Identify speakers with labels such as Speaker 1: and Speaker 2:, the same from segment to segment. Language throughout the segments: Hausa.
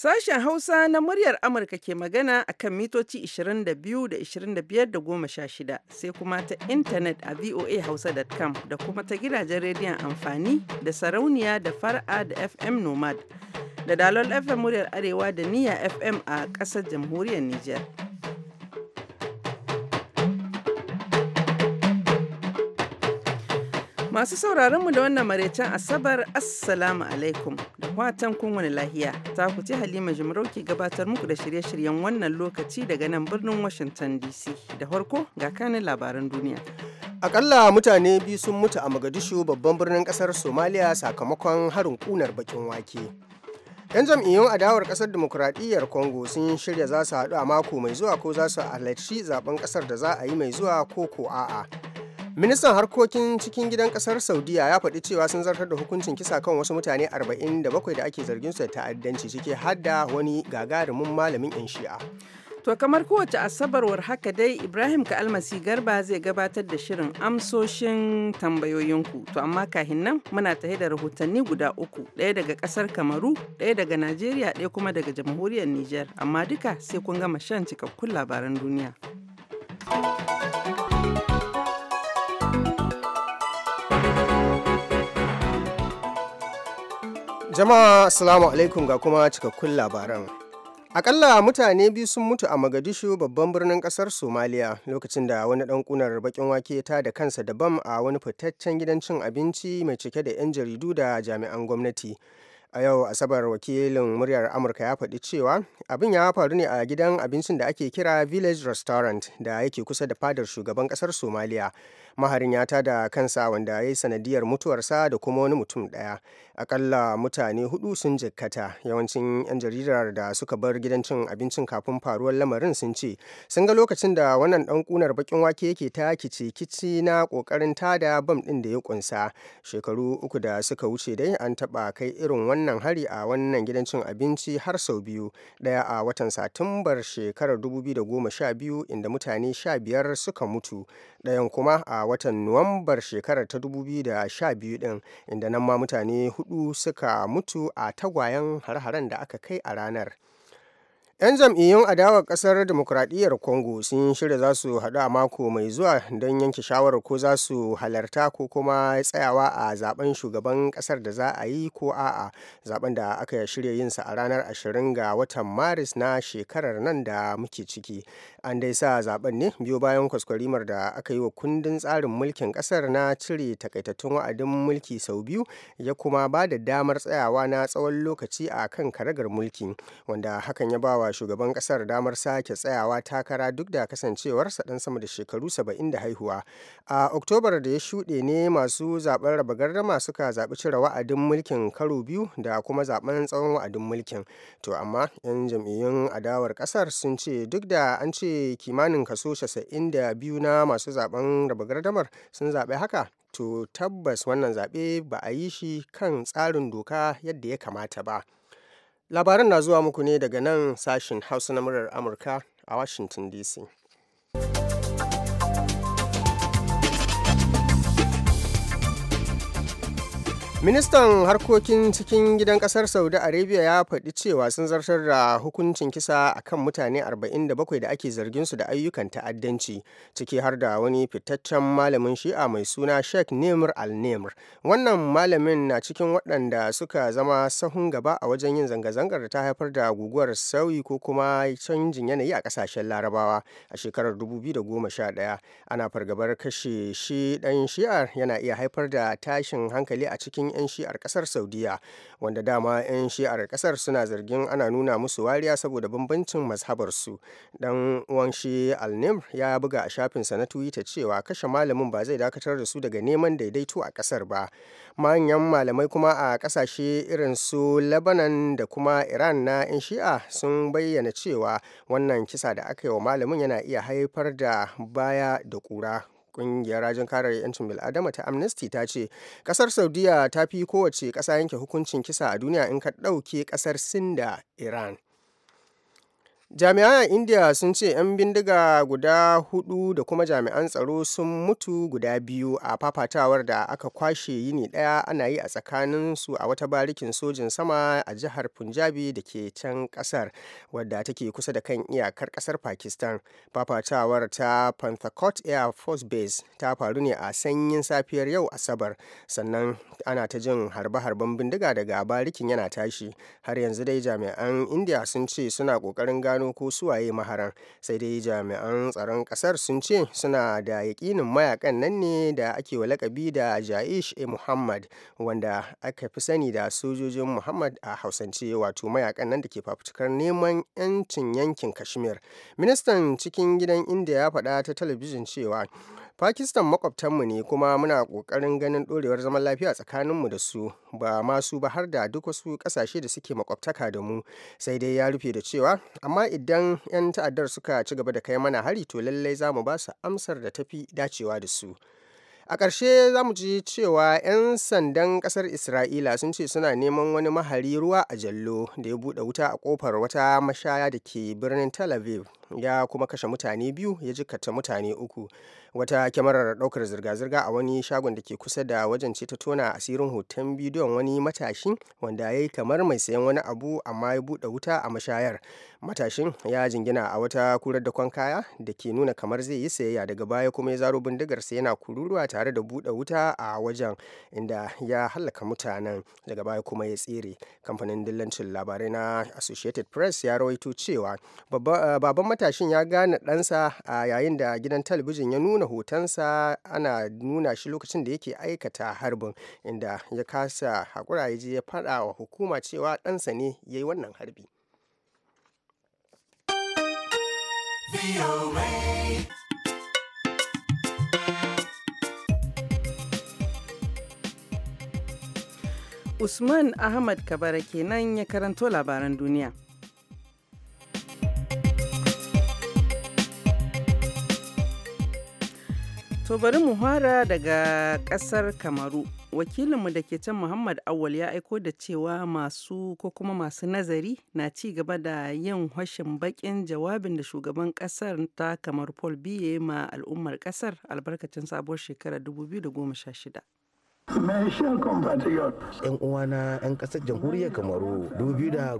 Speaker 1: Sashen Hausa na muryar Amurka ke magana a kan mitoci 22 da 25 da 16 sai kuma ta intanet a voahausa.com da kuma ta gidajen rediyon amfani da sarauniya da far'a da FM Nomad da dalol FM muryar Arewa da niyya FM a ƙasar jamhuriyar Nijar. Masu sauraron mu da wannan maraicen Asabar Assalamu alaikum da watan kun wani lahiya. Ta ku ci Halima Jimarau gabatar muku da shirye-shiryen wannan lokaci daga nan birnin Washington DC. Da farko ga kanin labaran duniya.
Speaker 2: Akalla mutane biyu sun mutu a magadishu babban birnin kasar Somalia sakamakon harin kunar bakin wake. 'Yan jam'iyyun adawar kasar demokuraɗiyyar Congo sun shirya za su haɗu a mako mai zuwa ko za su halarci zaben kasar da za a yi mai zuwa ko ko a'a. Ministan harkokin cikin gidan kasar Saudiya ya faɗi cewa sun zartar da hukuncin kisa kan wasu mutane 47 da ake zargin su da ta'addanci ciki hadda wani gagarumin malamin 'yan shi'a.
Speaker 1: To kamar kowace asabarwar haka dai Ibrahim ka almasi garba zai gabatar da shirin amsoshin tambayoyinku. To amma kahin nan muna tahe da rahotanni guda uku, ɗaya daga ƙasar Kamaru, ɗaya daga Najeriya, ɗaya kuma daga jamhuriyar Nijar. Amma duka sai kun gama shan cikakkun labaran duniya.
Speaker 2: Jama'a Assalamu alaikum ga kuma cikakkun labaran. Akalla mutane biyu sun mutu a Magadishu babban birnin kasar Somaliya lokacin da wani ɗan kunar bakin wake ta da kansa da a wani fitaccen gidan cin abinci mai cike da 'yan jaridu da jami'an gwamnati. a yau asabar wakilin muryar amurka ya faɗi cewa abin ya faru ne a gidan abincin da ake kira village restaurant da yake kusa da fadar shugaban kasar somaliya maharin ya tada kansa wanda ya yi sanadiyar mutuwarsa da kuma wani mutum ɗaya akalla mutane hudu sun jikkata yawancin 'yan jaridar da suka bar gidan cin abincin kafin faruwar lamarin sun ce sun ga lokacin da wannan dan kunar bakin wake yake ta kice kici na kokarin tada bam din da ya kunsa shekaru uku da suka wuce dai an taba kai irin wannan hari a wannan gidan cin abinci har sau biyu daya a watan satumbar shekarar 2012 inda mutane 15 suka mutu ɗayan kuma a watan nuwambar shekarar ta 2012 din inda nan ma mutane hudu hudu suka mutu a tagwayen har haren da aka kai a ranar 'Yan jam'iyyun adawar ƙasar Dimokuraɗiyyar Congo sun shirya za su haɗu a mako mai zuwa don yanke shawarar ko za su halarta ko kuma tsayawa a zaben shugaban ƙasar da za a yi ko a'a zaben da aka shirya yin yinsa a ranar 20 ga watan Maris na shekarar nan da muke ciki. An dai sa zaben ne biyo bayan kwaskwarimar da aka yi wa kundin tsarin mulkin ƙasar na cire takaitattun wa'adin mulki sau biyu ya kuma ba da damar tsayawa na tsawon lokaci a kan karagar mulki wanda hakan ya ba wa a shugaban kasar damar sake tsayawa takara duk da kasancewarsa dan sama da shekaru saba'in da haihuwa a oktobar da ya shuɗe ne masu zaben raba gardama suka zaɓi cire wa'adin mulkin karo biyu da kuma zaben tsawon wa'adin mulkin to amma 'yan jam'iyyun adawar kasar sun ce duk da an ce kimanin kaso 92 na masu zaben raba gardamar sun zaɓi haka to tabbas wannan zaɓe ba a yi shi kan tsarin doka yadda ya kamata ba. labaran na zuwa muku ne daga nan sashen hausa na murar amurka a washington dc ministan harkokin cikin gidan kasar saudi arabia ya faɗi cewa sun zartar da hukuncin kisa a kan mutane 47 da ake zargin su da ayyukan ta'addanci ciki har da wani fitaccen malamin shi'a mai suna sheikh nemr al-nemr wannan malamin na cikin waɗanda suka zama sahun gaba a wajen yin zanga-zangar da ta haifar da guguwar sauyi ko kuma canjin yanayi a ƙasashen larabawa a shekarar 2011 ana fargabar kashe shi ɗan shi'ar yana iya haifar da tashin hankali a cikin 'yan shi'ar kasar saudiya wanda dama 'yan shi'ar kasar suna zargin ana nuna musu wariya saboda bambancin mazhabarsu dan wanshi alnim ya buga a shafinsa na twitter cewa kashe malamin ba zai dakatar da su daga neman daidaito a kasar ba manyan malamai kuma a kasashe irin su lebanon da kuma iran na 'yan shi'a sun bayyana cewa wannan kisa da aka yi wa malamin yana iya haifar da baya da kura Ƙungiyar rajin kare 'yancin bil'adama ta Amnesty ta ce ƙasar Saudiya ta fi kowace ƙasa yanke hukuncin kisa a duniya in ka ɗauke ƙasar Sin da Iran. jami'an india sun ce 'yan bindiga guda hudu da kuma jami'an tsaro sun mutu guda biyu a fafatawar da aka kwashe yini daya ana yi a tsakanin su a wata barikin sojin sama a jihar punjabi da ke can kasar wadda take kusa da kan iyakar kasar pakistan fafatawar ta pentecost air force base ta faru ne a sanyin safiyar yau asabar sannan ana ta jin harbe-harben bindiga daga barikin yana tashi har yanzu dai jami'an india sun ce suna kokarin gano gano ko suwaye maharar sai dai jami'an tsaron kasar sun ce suna da yakinin mayakan nan ne da ake wa lakabi da jaish e muhammad wanda aka fi sani da sojojin muhammad a hausance wato mayakan nan da ke fafutukar neman yancin yankin kashmir ministan cikin gidan india ya faɗa ta talabijin cewa Pakistan makwabtanmu ne kuma muna ƙoƙarin ganin ɗorewar zaman lafiya tsakaninmu da su ba ma su ba har da duk wasu ƙasashe da suke makwabtaka da mu sai dai ya rufe da cewa amma idan 'yan ta'addar suka ci gaba da kai mana hari to lallai za mu ba su amsar da tafi dacewa da su. a ƙarshe za mu ji cewa 'yan sandan ƙasar isra'ila sun ce suna neman wani mahari ruwa a jallo da ya buɗe wuta a ƙofar wata mashaya da ke birnin tel aviv ya kuma kashe mutane biyu ya jikkata mutane uku wata kyamarar daukar zirga-zirga a wani shagon da ke kusa da wajen ce ta tona asirin hoton bidiyon wani matashi wanda ya yi kamar mai sayan wani abu amma ya buɗe wuta a mashayar matashin ya jingina a wata kurar da kwankaya kaya da ke nuna kamar zai yi sayayya daga baya kuma ya zaro bindigar bindigarsa yana kururuwa tare da buɗe wuta a wajen inda ya hallaka mutanen daga baya kuma ya tsere kamfanin dillancin labarai na associated press ya rawaito cewa baban matashin ya gane ɗansa a yayin da gidan talabijin ya nuna hotonsa ana nuna shi lokacin da yake aikata harbin inda ya kasa haƙura ya je ya faɗa wa hukuma cewa ɗansa ne ya yi wannan harbi.
Speaker 1: Usman Ahmad Kabara kenan ya karanto labaran duniya. To bari mu hara daga kasar Kamaru. Wakilinmu da ke can Muhammad Awal ya aiko da cewa masu ko kuma masu nazari na ci gaba da yin hashin bakin jawabin da shugaban kasar ta kamar Paul Biye ma al'ummar kasar albarkacin sabuwar shekarar 2016.
Speaker 3: My compatriot. Yan uwana 'yan ƙasar jamhuriyar Kamaru biyar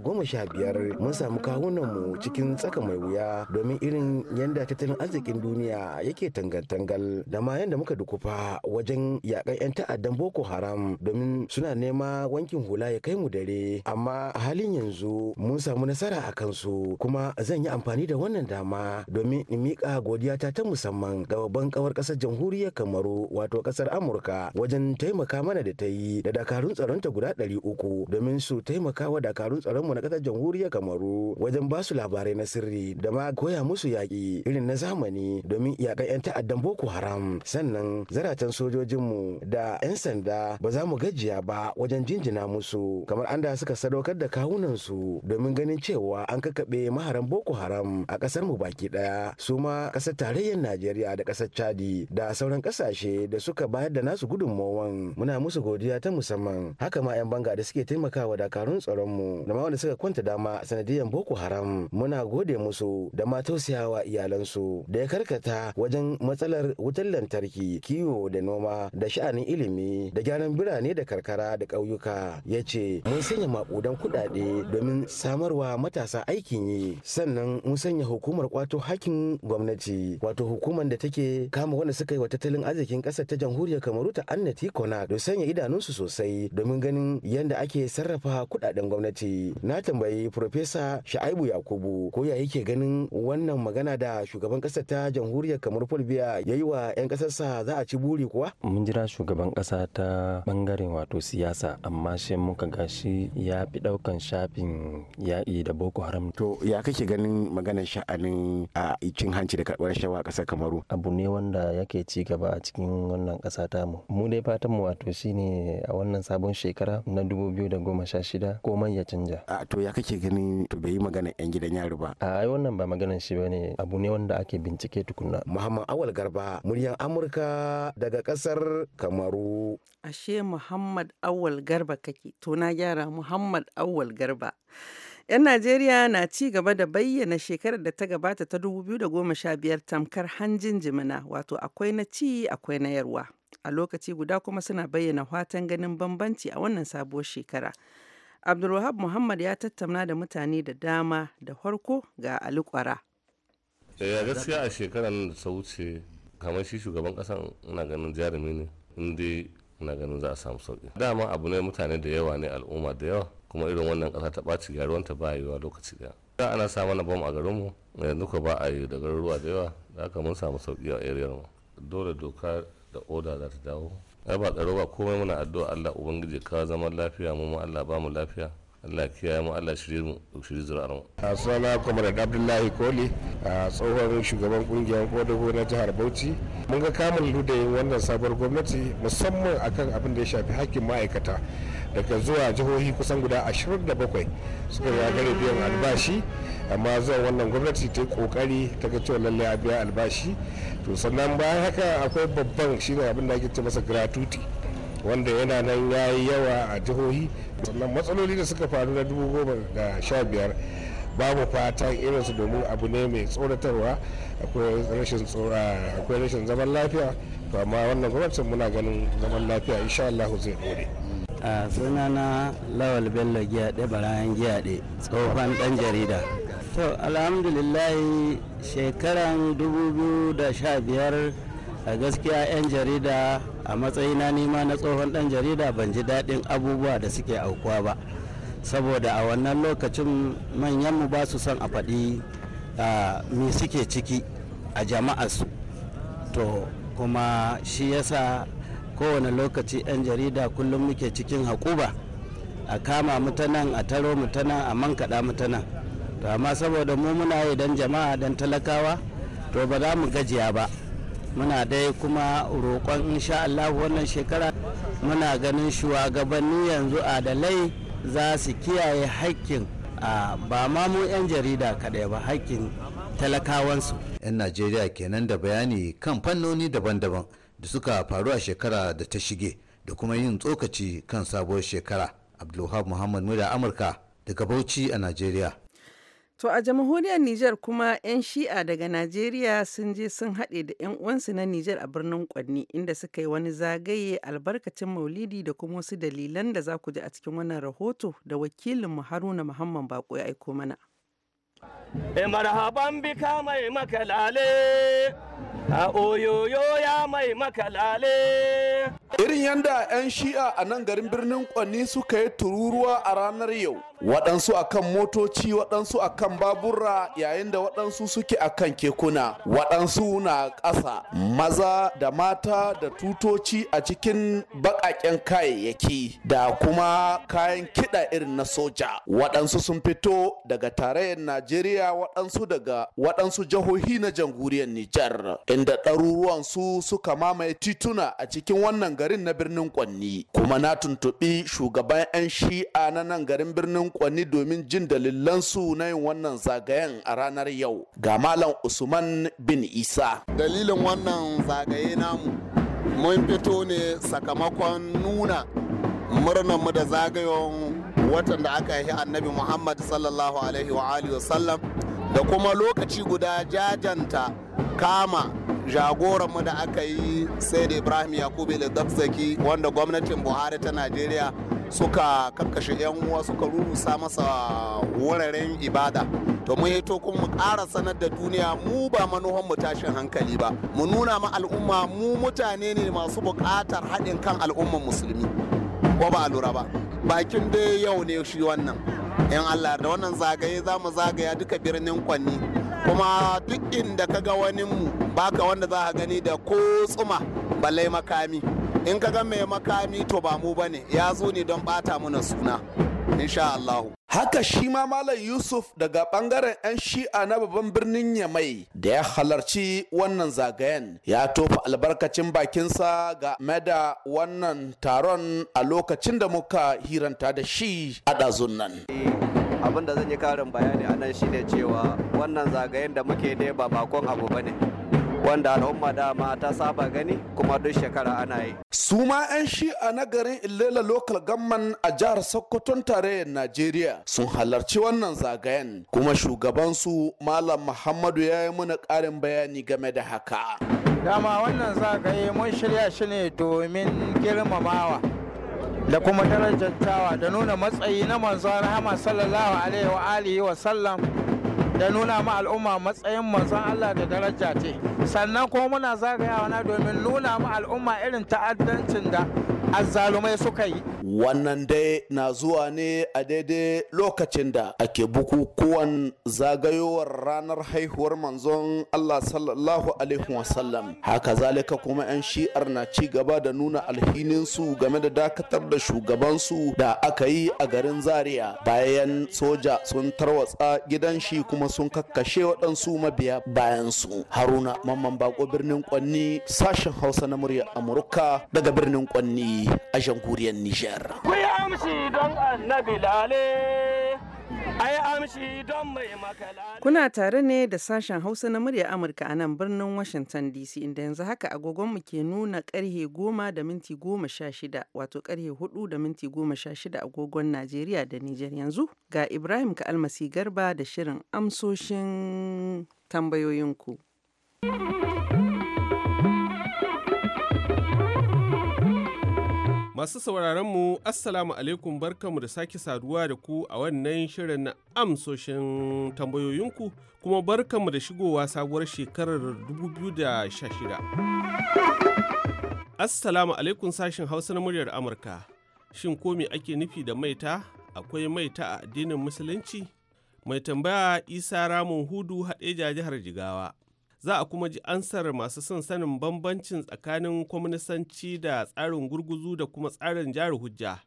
Speaker 3: mun samu kawunan mu cikin tsaka mai wuya domin irin yadda tattalin arzikin duniya yake tangal-tangal da ma yadda muka dukufa wajen yakan 'yan ta'addan Boko Haram domin suna nema wankin hula ya kai mu dare amma a halin yanzu mun samu nasara a kansu kuma zan yi amfani da wannan dama domin in miƙa godiyata ta musamman ga babban kawar ƙasar jamhuriyar Kamaru wato ƙasar Amurka wajen taimaka taimaka mana da ta yi da dakarun tsaron ta guda ɗari uku domin su taimaka wa dakarun tsaronmu na ƙasar jamhuriyar kamaru wajen ba su labarai na sirri da ma koya musu yaƙi irin na zamani domin iyakan 'yan ta'addan boko haram sannan zaratan sojojinmu da 'yan sanda ba za mu gajiya ba wajen jinjina musu kamar an da suka sadaukar da kawunan su domin ganin cewa an kakaɓe maharan boko haram a ƙasar mu baki ɗaya su ma ƙasar tarayyar najeriya da ƙasar chadi da sauran ƙasashe da suka bayar da nasu gudunmawan muna musu godiya ta musamman haka ma yan banga da suke taimakawa dakarun tsaron mu da ma wanda suka kwanta dama sanadiyar boko haram muna gode musu da ma tausayawa iyalansu da ya karkata wajen matsalar wutar lantarki kiwo da noma da sha'anin ilimi da gyaran birane da karkara da ƙauyuka ya ce mun sanya maƙudan kuɗaɗe domin samarwa matasa aikin yi sannan mun sanya hukumar kwato hakkin gwamnati wato hukumar da take kama wanda suka yi wa tattalin arzikin ƙasar ta jamhuriyar kamaru ta annati kona amfana don sanya idanunsu sosai domin ganin yadda ake sarrafa kudaden gwamnati na tambayi Profesa Sha'aibu Yakubu ko ya yake ganin wannan magana da shugaban kasar ta jamhuriyar Kamar Fulbiya ya yi wa 'yan kasarsa za a ci buri kuwa? Mun jira shugaban kasa ta bangaren wato siyasa amma shi muka gashi ya fi daukan shafin yaƙi da Boko Haram. To ya kake ganin maganar sha'anin a cin hanci da karɓar shawa kasar Kamaru? Abu ne wanda yake ci gaba a cikin wannan ƙasa mu Mu dai fatan mu samu wato shine a wannan sabon shekara na 2016 komai ya canja a to ya kake gani to bai yi magana yan gidan yari ba a ai wannan ba maganan shi bane abu ne wanda ake bincike tukunna muhammad awal garba muryar amurka daga kasar kamaru
Speaker 1: ashe muhammad awal garba kake to na gyara muhammad awal garba 'Yan Najeriya na ci gaba da bayyana shekarar da ta gabata ta sha biyar tamkar hanjin jimina, wato akwai na ci akwai na yarwa. a lokaci guda kuma suna bayyana fatan ganin bambanci a wannan sabuwar shekara. Abdulwahab Muhammad ya tattauna da mutane da dama da farko ga Ali
Speaker 4: Ya eh, gaskiya a shekarar da ta wuce kamar shi shugaban kasan ina ganin jarumi ne inda ina ganin za a samu sauki. Dama abu ne mutane da yawa ne al'umma da yawa kuma irin wannan kasa ta ɓaci gyaruwanta ba yiwa lokaci daya. Da ana sa mana bom a garinmu yanzu ko ba a yi da garuruwa da yawa da haka mun samu sauki a area mu. Dole doka da oda za ta dawo ai ba tsaro ba komai muna addu'a Allah ubangiji ka zaman lafiya mu ma Allah ba mu lafiya Allah kiyaye mu Allah shirye mu shirye zuwa mu assalamu alaikum da Abdullahi Koli
Speaker 2: a tsohon shugaban kungiyar kodago na jihar Bauchi mun ga kamun yin wannan
Speaker 5: sabuwar gwamnati musamman akan abin da ya shafi hakkin ma'aikata daga zuwa jihohi kusan guda 27 suka gare biyan albashi amma zuwa wannan gwamnati ta yi kokari ta ga cewa lallai a biya albashi to sannan bayan haka akwai babban shine
Speaker 2: abin da ake ce masa gratuity wanda yana nan ya yi yawa a jihohi sannan matsaloli da suka faru na dubu da sha biyar babu fatan irinsu domin abu ne mai tsoratarwa akwai rashin zaman lafiya to amma wannan
Speaker 3: gwamnatin muna ganin zaman lafiya insha Allah zai dore a sunana lawal bello giyaɗe barayan giyaɗe tsohon ɗan jarida to alhamdulillah shekaran 2015 a gaskiya 'yan jarida a matsayina nima na tsohon ɗan jarida ban ji daɗin abubuwa da suke aukuwa ba saboda a wannan lokacin manyanmu ba su son a faɗi me suke ciki a jama'arsu to kuma shi yasa kowane lokaci 'yan jarida kullum muke cikin haƙuba a kama mu a taro mu ta a mankaɗa mu to amma saboda mu muna yi don jama'a don talakawa to ba za mu gajiya ba muna dai kuma roƙon insha Allah wannan shekara muna ganin shugabanni yanzu adalai za su kiyaye haƙƙin ba ma mu 'yan jarida kaɗai ba haƙƙin talakawansu 'yan najeriya kenan da bayani kan fannoni daban-daban da suka faru a shekara da ta shige da kuma yin tsokaci kan sabuwar shekara abdulhab muhammad murya amurka daga bauchi a najeriya
Speaker 1: To a jamhuriyar Nijar kuma 'yan shi'a daga Najeriya sun je sun haɗe da 'yan uwansu na Nijar a birnin Kwanni inda suka yi wani zagaye albarkacin maulidi da kuma wasu dalilan da za ku ji a cikin wannan rahoto da wakilinmu Haruna Muhammad Bako ya aiko mana.
Speaker 3: Eh, marhaban bika mai makalale a oyoyo ya mai
Speaker 6: makalale irin yadda 'yan shi'a a nan garin birnin kwanni suka yi tururuwa a ranar yau waɗansu akan motoci waɗansu akan babura yayin da waɗansu suke akan kekuna waɗansu na ƙasa maza da mata da tutoci a cikin baƙaƙen kayayyaki da kuma kayan kiɗa irin na soja waɗansu sun fito daga tarayyar najeriya A waɗansu daga waɗansu jihohi na jamhuriyar Nijar inda ɗaruruwan su suka mamaye tituna a cikin wannan garin na birnin Kwanni kuma na tuntuɓi shugaban 'yan shi'a na nan garin birnin Kwanni domin jin dalilan su na yin wannan zagayen a ranar yau ga Malam Usman bin Isa. Dalilin wannan zagaye namu mun fito ne sakamakon nuna murnarmu da zagayon watan da aka yi annabi muhammad sallallahu alaihi wa alihi wasallam da kuma lokaci guda jajanta kama jagoranmu da aka yi sai da ibrahim yakubu zaki wanda gwamnatin buhari ta najeriya suka karkashe 'yan uwa suka rurusa masa wuraren ibada to mu hito kuma mu ƙara sanar da duniya mu ba manuhan mu tashin hankali ba mu nuna ma al'umma mu mutane ne masu buƙatar haɗin kan al'umman musulmi ko ba a lura ba bakin dai yau ne shi wannan yan allah da wannan zagaye za mu zagaya duka birnin kwanni kuma duk inda ka ga wani mu baka wanda za ka gani da ko tsuma balai makami in ka ga mai makami to ba mu bane ya zo ne don bata mana suna insha allahu haka shi ma malam yusuf daga bangaren 'yan shi'a na babban birnin yamai da ya halarci wannan zagayen ya tofa albarkacin bakinsa ga mada wannan taron a lokacin da muka hiranta da shi a ɗazun nan abin da zan yi karin bayani a nan shine cewa wannan zagayen da muke ne ba bakon abu ba ne. wanda al'umma dama ta saba gani kuma duk shekara ana yi. su ma 'yan shi'a na garin illela local gamman a jihar sokoton tarayyar najeriya sun halarci wannan zagayen kuma shugabansu malam muhammadu ya yi mana ƙarin bayani game da haka
Speaker 3: dama wannan zagaye mun shirya shi ne domin girmamawa da kuma darajantawa da nuna matsayi na manzo rahama sallallahu alaihi wa alihi wa sallam da nuna ma al'umma matsayin manzon Allah da daraja ce sannan kuma muna zagayawa na domin nuna ma al'umma irin ta'addancin da azzalumai suka yi
Speaker 6: wannan dai na zuwa ne a daidai lokacin da ake bukukuwan zagayowar ranar haihuwar manzon Allah sallallahu alaihi wasallam haka zalika kuma 'yan shi'ar na ci gaba da nuna alhininsu game da dakatar da shugabansu da aka yi a garin zaria bayan soja sun tarwatsa gidan shi kuma sun kakkashe waɗansu mabiya bayansu haruna mamman bako birnin kwanni sashen hausa na murya amurka daga birnin kwanni a jamhuriyar Nijar.
Speaker 1: Ku yi amshi don annabi lale, amshi don mai makala Kuna tare ne da sashen Hausa na murya Amurka a nan birnin Washington DC inda yanzu haka agogonmu ke nuna karhe goma da minti goma sha shida wato karhe hudu da minti goma sha shida agogon Najeriya da Nijar yanzu ga Ibrahim ka almasi garba da shirin amsoshin tambayoyinku.
Speaker 4: Masu mu Assalamu alaikum barkanmu da sake saduwa da ku a wannan shirin na amsoshin tambayoyinku kuma barkanmu da shigowa sabuwar shekarar 2016. Assalamu alaikum sashin Hausa na muryar Amurka. Shin ko me ake nufi da maita? Akwai maita a addinin Musulunci? Mai tambaya Isa Ramon Hudu haɗeja jihar Jigawa. za a kuma ji ansar masu son sanin bambancin tsakanin kwaminisanci da tsarin gurguzu da kuma tsarin jari hujja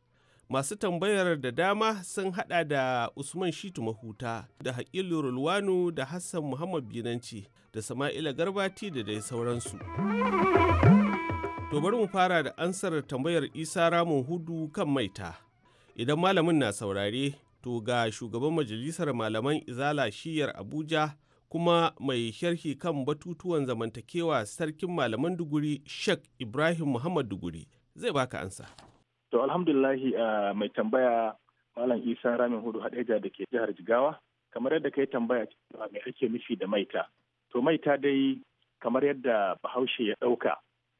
Speaker 4: masu tambayar da dama sun hada da usman shitu mahuta da haƙilu rulwanu da hassan muhammad binanci da sama'ila garbati da dai sauransu to bari mu fara da ansar tambayar isa ramun hudu kan maita idan malamin na saurare to ga shugaban majalisar malaman izala shiyar abuja kuma mai sharhi kan batutuwan zamantakewa sarkin malaman duguri Sheikh Ibrahim Muhammad Duguri zai baka ansa.
Speaker 5: To alhamdulillahi ah, mai tambaya Malam Isa Ramin Hudu Hadeja da ke jihar Jigawa kamar yadda kai tambaya cewa me ake nufi da maita. To maita dai kamar yadda Bahaushe ya ɗauka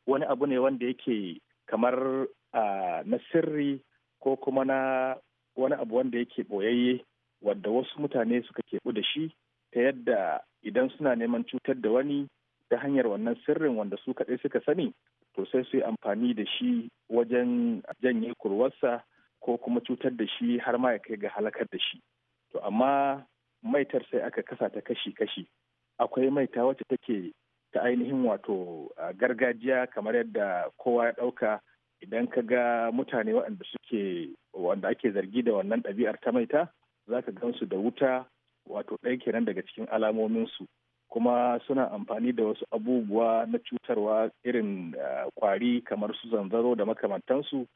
Speaker 5: wani abu ne wanda yake kamar ah, na sirri ko kuma na wani abu wanda yake ɓoyayye wadda wasu mutane suka keɓu da shi ta yadda idan suna neman cutar da wani ta hanyar wannan sirrin wanda su kaɗai suka sani to sai su yi amfani da shi wajen janye kurwarsa ko kuma cutar da shi har ma ya kai ga halakar da shi to amma maitar sai aka kasa ta kashi-kashi akwai maita wacce take ta ainihin wato gargajiya kamar yadda kowa ya ɗauka idan ka ga mutane waɗanda suke wanda ake zargi da wannan ɗabi'ar ta maita za ka gansu da wuta wato ɗaya kenan daga cikin alamominsu kuma suna amfani da wasu abubuwa na cutarwa irin eh, kwari kamar su zanzaro da makamantansu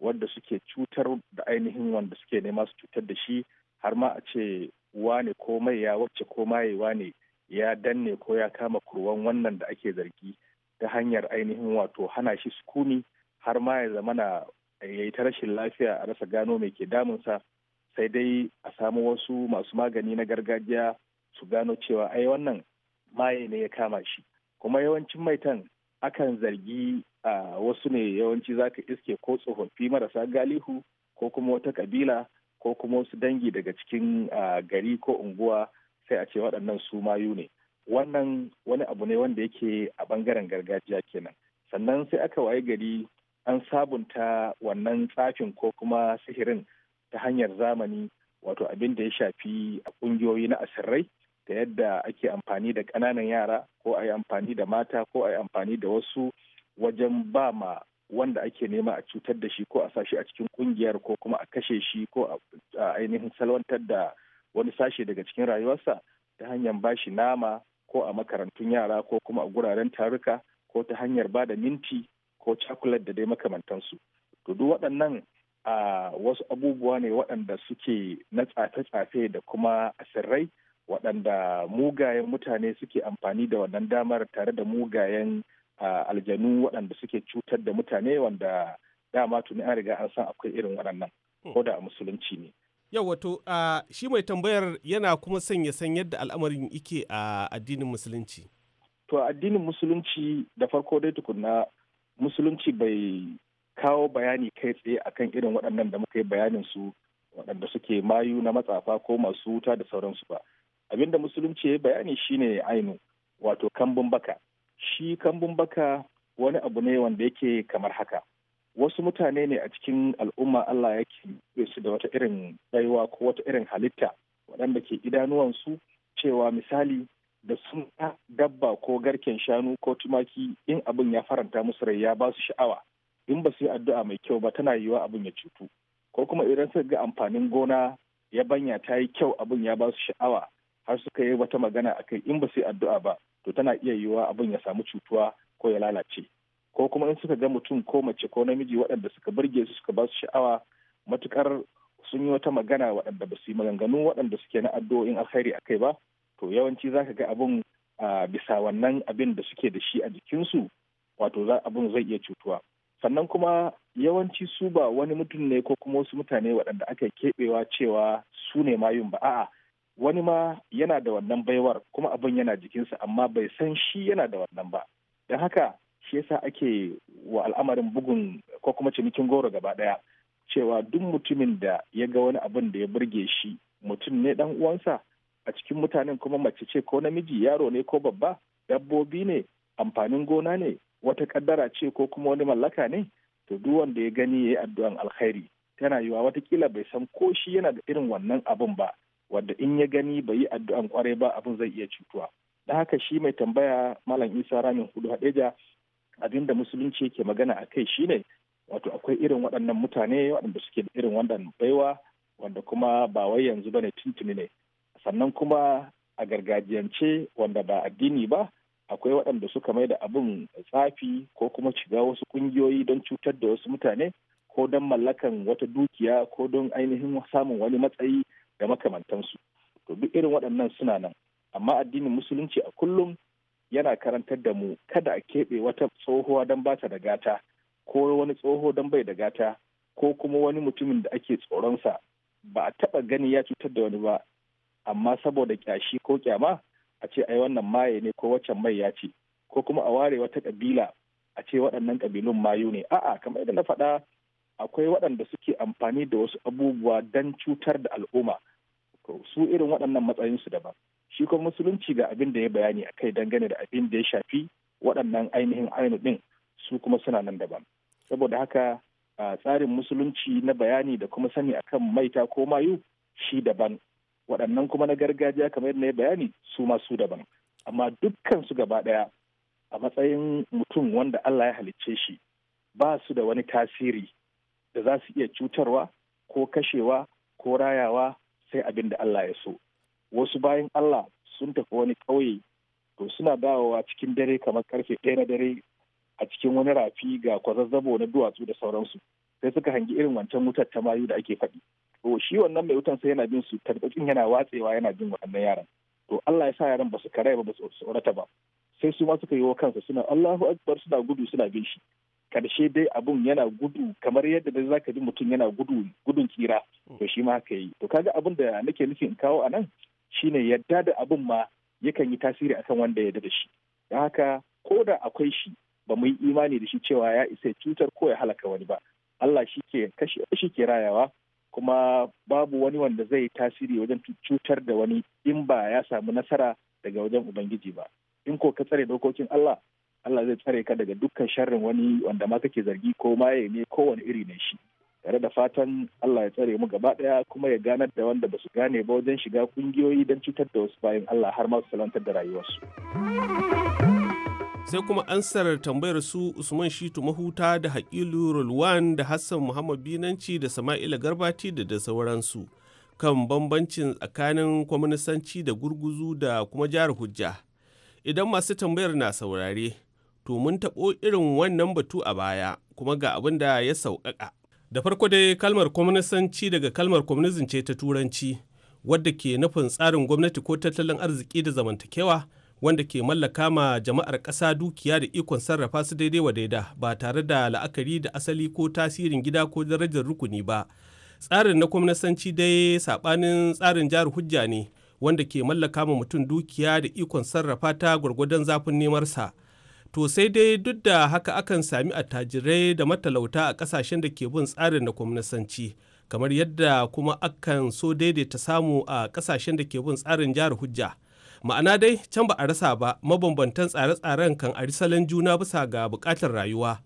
Speaker 5: wadda suke cutar da ainihin wanda suke nema su cutar da shi har ma a ce wane ko ya wacce ko mayewa ne ya danne ko ya kama kurwan wannan da ake zargi ta hanyar ainihin wato hana shi sukuni har ma ya zamana eh, ya yi ta rashin lafiya a rasa gano mai ke damunsa sai dai a samu wasu masu magani na gargajiya su gano cewa ai wannan maye ne ya kama shi kuma yawancin maitan akan zargi a wasu ne yawanci za ka iske ko tsofaffi marasa galihu ko kuma wata kabila ko kuma wasu dangi daga cikin gari ko unguwa sai a ce waɗannan su mayu ne wannan wani abu ne wanda yake a ɓangaren gargajiya kenan sannan sai aka waye gari an sabunta wannan tsafin ko kuma sihirin ta hanyar zamani wato abin da ya shafi a kungiyoyi na asirrai da yadda ake amfani da ƙananan yara ko a yi amfani da mata ko a yi amfani da wasu wajen ba ma wanda ake nema a cutar da shi ko a sashi a cikin kungiyar ko kuma a kashe shi ko a ainihin salwantar da wani sashe daga cikin rayuwarsa ta hanyar ba shi nama ko a makarantun yara ko kuma a guraren taruka ko ta hanyar ba da minti ko cakulat da dai makamantansu to duk waɗannan a wasu abubuwa ne waɗanda suke na tsafe-tsafe da kuma asirrai waɗanda mugayen mutane suke amfani da wannan damar tare da mugayen aljanu waɗanda suke cutar da mutane wanda dama tuni an riga an san akwai irin waɗannan hmm. ko da musulunci ne.
Speaker 4: Yau wato shi mai tambayar yana kuma sanya san yadda al'amarin ike a addinin musulunci.
Speaker 5: To addinin musulunci da farko dai tukunna musulunci bai kawo bayani kai tsaye a kan irin waɗannan da muka yi bayanin su waɗanda suke mayu na matsafa ko masu wuta da sauransu ba abin da musulunci ya bayani shine ainu wato kambun baka shi kambun baka wani abu ne wanda yake kamar haka wasu mutane ne a cikin al'umma Allah yake su da wata irin baiwa ko wata irin halitta waɗanda ke idanuwansu cewa misali da sun dabba ko garken shanu ko tumaki in abin ya faranta musu rai ya ba su sha'awa in ba su yi addu'a mai kyau ba tana yiwuwa abin ya cutu ko kuma idan suka ga amfanin gona ya banya ta yi kyau abin ya ba su sha'awa har suka yi wata magana a kai in ba su yi addu'a ba to tana iya yiwuwa abin ya samu cutuwa ko ya lalace ko kuma in suka ga mutum ko mace ko namiji waɗanda suka burge su suka ba su sha'awa matukar sun yi wata magana waɗanda ba su yi maganganu waɗanda suke na addu'o'in alkhairi a kai ba to yawanci za ka ga abin bisa wannan abin da suke da shi a jikinsu wato za abin zai iya cutuwa sannan kuma yawanci su ba wani mutum ne ko kuma wasu mutane waɗanda aka keɓewa cewa su ne mayun ba a'a wani ma yana da wannan baiwar kuma abin yana jikinsa amma bai san shi yana da wannan ba don haka shi yasa ake wa al'amarin bugun ko kuma cinikin goro gaba ɗaya cewa duk mutumin da ya ga wani abin da ya burge shi mutum ne dan uwansa a cikin mutanen kuma mace ce ko namiji yaro ne ko babba dabbobi ne amfanin gona ne wata kaddara ce ko kuma wani mallaka ne to duk wanda ya gani ya yi addu'an alkhairi tana yiwa watakila bai san ko shi yana da irin wannan abun ba wanda in ya gani bai yi addu'an kwarai ba abin zai iya cutuwa da haka shi mai tambaya malam isa ramin hudu hadeja abin da musulunci yake magana a kai shine wato akwai irin waɗannan mutane waɗanda suke da irin wannan baiwa wanda kuma ba wai yanzu bane tuntuni ne sannan kuma a gargajiyance wanda ba addini ba akwai waɗanda suka mai da abin tsafi ko kuma shiga wasu ƙungiyoyi don cutar da wasu mutane ko don mallakan wata dukiya ko don ainihin samun wani matsayi da makamantansu to duk irin waɗannan suna nan amma addinin musulunci a kullum yana karantar da mu kada a keɓe wata tsohuwa don ba ta da gata ko wani tsoho don bai da gata ko kuma wani mutumin da ake tsoronsa ba a taɓa gani ya cutar da wani ba amma saboda ƙyashi ko ƙyama a ce ai wannan maye ne ko waccan mai ya ce ko kuma a ware wata kabila a ce waɗannan kabilun mayu ne a'a kamar yadda na faɗa akwai waɗanda suke amfani da wasu abubuwa don cutar da al'umma su irin waɗannan matsayinsu daban shi kuma musulunci ga abin da ya bayani a kai dangane da abin da ya shafi waɗannan ainihin ainu ɗin su kuma suna nan daban saboda haka tsarin musulunci na bayani da kuma sani akan maita ko mayu shi daban waɗannan kuma na gargajiya kamar yadda na bayani su ma su daban amma dukkan su gaba ɗaya a matsayin mutum wanda Allah ya halicce shi ba su da wani tasiri da za su iya cutarwa ko kashewa ko rayawa sai abin da Allah ya so wasu bayan Allah sun tafi wani ƙauye to suna dawowa cikin dare kamar karfe ɗaya na dare a cikin wani rafi ga kwazazzabo na duwatsu da sauransu sai suka hangi irin wancan wutar ta mayu da ake faɗi to shi wannan mai wutan sai yana bin su tarbatin yana watsewa yana bin waɗannan yaran to Allah ya sa yaran basu su ba ba su tsorata ba sai su ma suka yi wa kansa suna Allahu akbar suna gudu suna bin shi karshe dai abun yana gudu kamar yadda dai zaka ji mutum yana gudu gudun tsira to shi ma haka yi to kaga abun da nake nufi in kawo anan shine yadda da abun ma yakan yi tasiri akan wanda ya da shi don haka ko da akwai shi ba mu yi imani da shi cewa ya isa cutar ko ya halaka wani ba Allah shi ke kashe shi ke rayawa kuma babu wani wanda zai tasiri wajen cutar da wani in ba ya samu nasara daga wajen ubangiji ba in ko ka tsare dokokin Allah Allah zai tsare ka daga dukkan sharrin wani wanda ma kake zargi ko maye ne kowane iri ne shi tare da fatan Allah ya tsare mu gaba daya kuma ya ganar da wanda basu gane ba wajen shiga kungiyoyi don cutar da wasu bayan Allah har ma su salantar da rayuwarsu.
Speaker 4: sai kuma ansar tambayar su usman shitu mahuta da haƙilu rulwan da hassan muhammad binanci da sama'ila garbati da da sauransu kan bambancin tsakanin kwaminisanci da gurguzu da kuma jihar hujja idan masu tambayar na saurare to mun taɓo irin wannan batu a baya kuma ga abin da ya sauƙaƙa da farko dai kalmar kwaminisanci daga kalmar kwamnizin ce ta turanci wadda ke nufin tsarin gwamnati ko tattalin arziki da zamantakewa wanda ke mallaka ma jama'ar ƙasa dukiya da ikon sarrafa su daidai wa daida ba tare da la'akari da asali ko tasirin gida ko darajar rukuni ba tsarin na kwamnasanci dai saɓanin tsarin jihar hujja ne wanda ke mallaka ma mutum dukiya da ikon sarrafa ta gwargwadon zafin nemar sa to sai dai duk da haka akan sami attajirai da matalauta a ƙasashen da ke bin tsarin na kwamnasanci kamar yadda kuma akan so daidaita samu a ƙasashen da ke bin tsarin jihar hujja ma'ana dai can ba a rasa ba mabambantan tsare-tsaren kan ari salon juna bisa ga bukatar rayuwa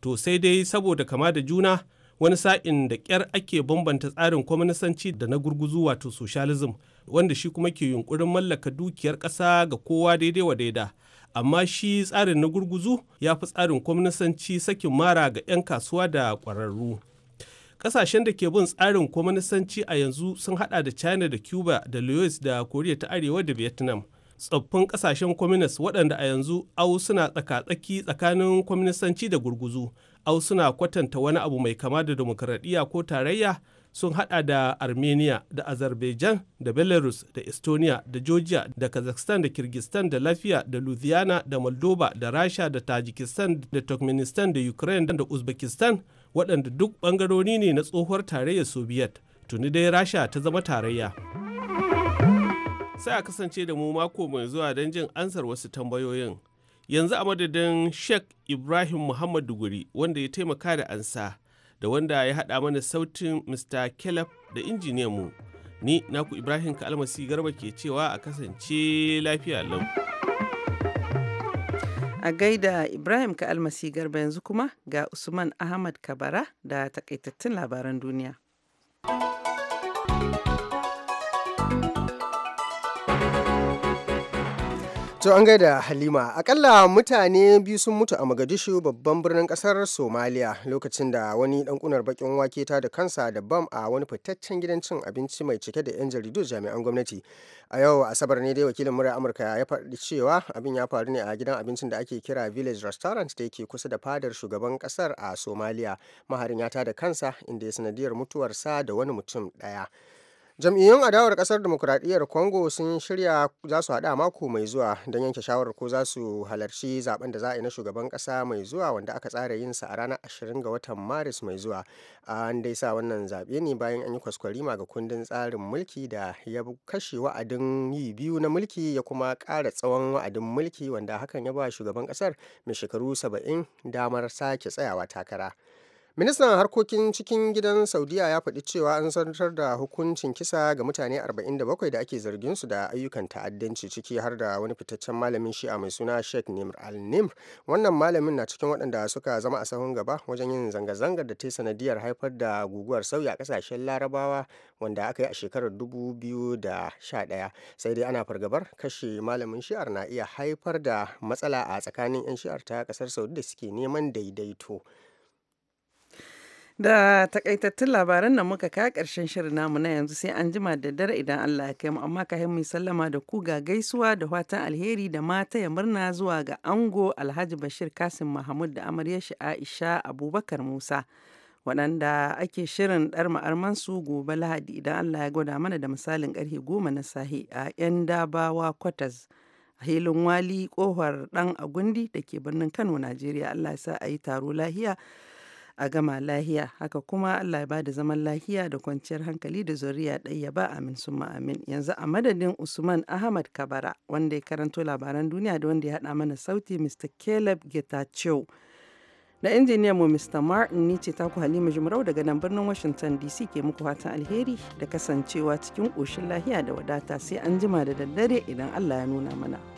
Speaker 4: to sai dai saboda kama da juna wani sa'in da ƙyar ake bambanta tsarin kwaminisanci da na gurguzu wato socialism wanda shi kuma ke yunkurin mallaka dukiyar ƙasa ga kowa daidai wa daida amma shi tsarin na gurguzu ya fi tsarin kwaminisanci sakin mara ga 'yan kasuwa da ƙwararru Kasashen da ke bin tsarin kwamanisanci a yanzu sun hada da China da Cuba da louis da Koriya ta Arewa da Vietnam. Tsoffin kasashen kwaminis waɗanda a yanzu au suna tsaka-tsaki tsakanin kwaminisanci da gurguzu, au suna kwatanta wani abu mai kama da demokradiyya ko tarayya sun hada da Armenia da Azerbaijan da Belarus da Estonia da Georgia da Kazakhstan da Kirgistan da Lafiya da Louisiana da Moldova da Rasha da Tajikistan da Turkmenistan da Ukraine da Uzbekistan waɗanda duk ɓangarori ne na tsohuwar tarayyar soviet tuni dai rasha ta zama tarayya sai a kasance da mu mako mai zuwa don jin ansar wasu tambayoyin yanzu a madadin sheikh ibrahim muhammad duguri wanda ya taimaka da ansa da wanda ya haɗa mana sautin mr caleb da injiniyan mu ni naku ibrahim kalmasi garba ke cewa a kasance lafiya lau
Speaker 1: A gaida Ibrahim ka almasi garba yanzu kuma ga Usman Ahmad Kabara da takaitattun labaran duniya. To an
Speaker 2: gaida Halima, akalla mutane biyu sun mutu a Mogadishu babban birnin kasar Somalia lokacin da wani dan bakin wake ta da kansa da bam a wani fitaccen gidan cin abinci mai cike da 'yan jaridu jami'an gwamnati. A yau Asabar ne dai wakilin murar Amurka ya faɗi cewa abin ya faru ne a gidan abincin da ake kira Village Restaurant da yake kusa da fadar shugaban kasar a Somalia. Maharin ya ta da kansa inda ya sanadiyar mutuwarsa da wani mutum ɗaya. jam'iyyun adawar kasar demokuraɗiyyar congo sun shirya za su haɗa mako mai zuwa don yanke shawarar ko za su halarci zaben da za a yi na shugaban ƙasa mai zuwa wanda aka tsara yin sa a ranar 20 ga watan maris mai zuwa an dai sa wannan zaɓe ne bayan an yi kwaskwarima ga kundin tsarin mulki da ya kashe wa'adin yi biyu na mulki ya kuma ƙara tsawon wa'adin mulki wanda hakan ya ba shugaban ƙasar mai shekaru 70 damar sake tsayawa takara. ministan harkokin cikin gidan saudiya ya faɗi cewa an zartar da hukuncin kisa ga mutane 47 da ake zargin su da ayyukan ta'addanci ciki har da wani fitaccen malamin shi'a mai suna sheikh nimr al nimr wannan malamin na cikin waɗanda suka zama a sahun gaba wajen yin zanga-zangar da ta sanadiyar haifar da guguwar sauya a ƙasashen larabawa wanda aka yi a shekarar 2011 sai dai ana fargabar kashe malamin shi'ar na iya haifar da matsala a tsakanin 'yan shi'ar ta ƙasar saudi da suke neman daidaito
Speaker 1: Da takaitattun labaran nan muka ka karshen shirin namu na yanzu sai an jima da dare idan Allah ya kai mu amma ka mu sallama da ku ga gaisuwa da fatan alheri da mata ya murna zuwa ga ango Alhaji Bashir Kasim Mahmud da amaryar shi Aisha Abubakar Musa. waɗanda ake shirin ɗar ma'arman su gobe lahadi idan Allah ya gwada mana da misalin ƙarfe goma na sahi a 'yan dabawa kwatas a hilin wali kohar ɗan agundi da ke birnin kano najeriya allah ya sa a yi taro lahiya a gama lahiya haka kuma Allah ya ba da zaman lahiya da kwanciyar hankali da zuriya ya ba amin summa amin yanzu a madadin Usman Ahmad Kabara wanda ya karanto labaran duniya da wanda ya haɗa mana sauti Mr. Caleb Getachew da injiniyan mu Mr. Martin ni ce taku Halima jimarau daga nan birnin Washington DC ke muku fatan alheri da kasancewa cikin koshin lahiya da wadata sai an jima da daddare idan Allah ya nuna mana.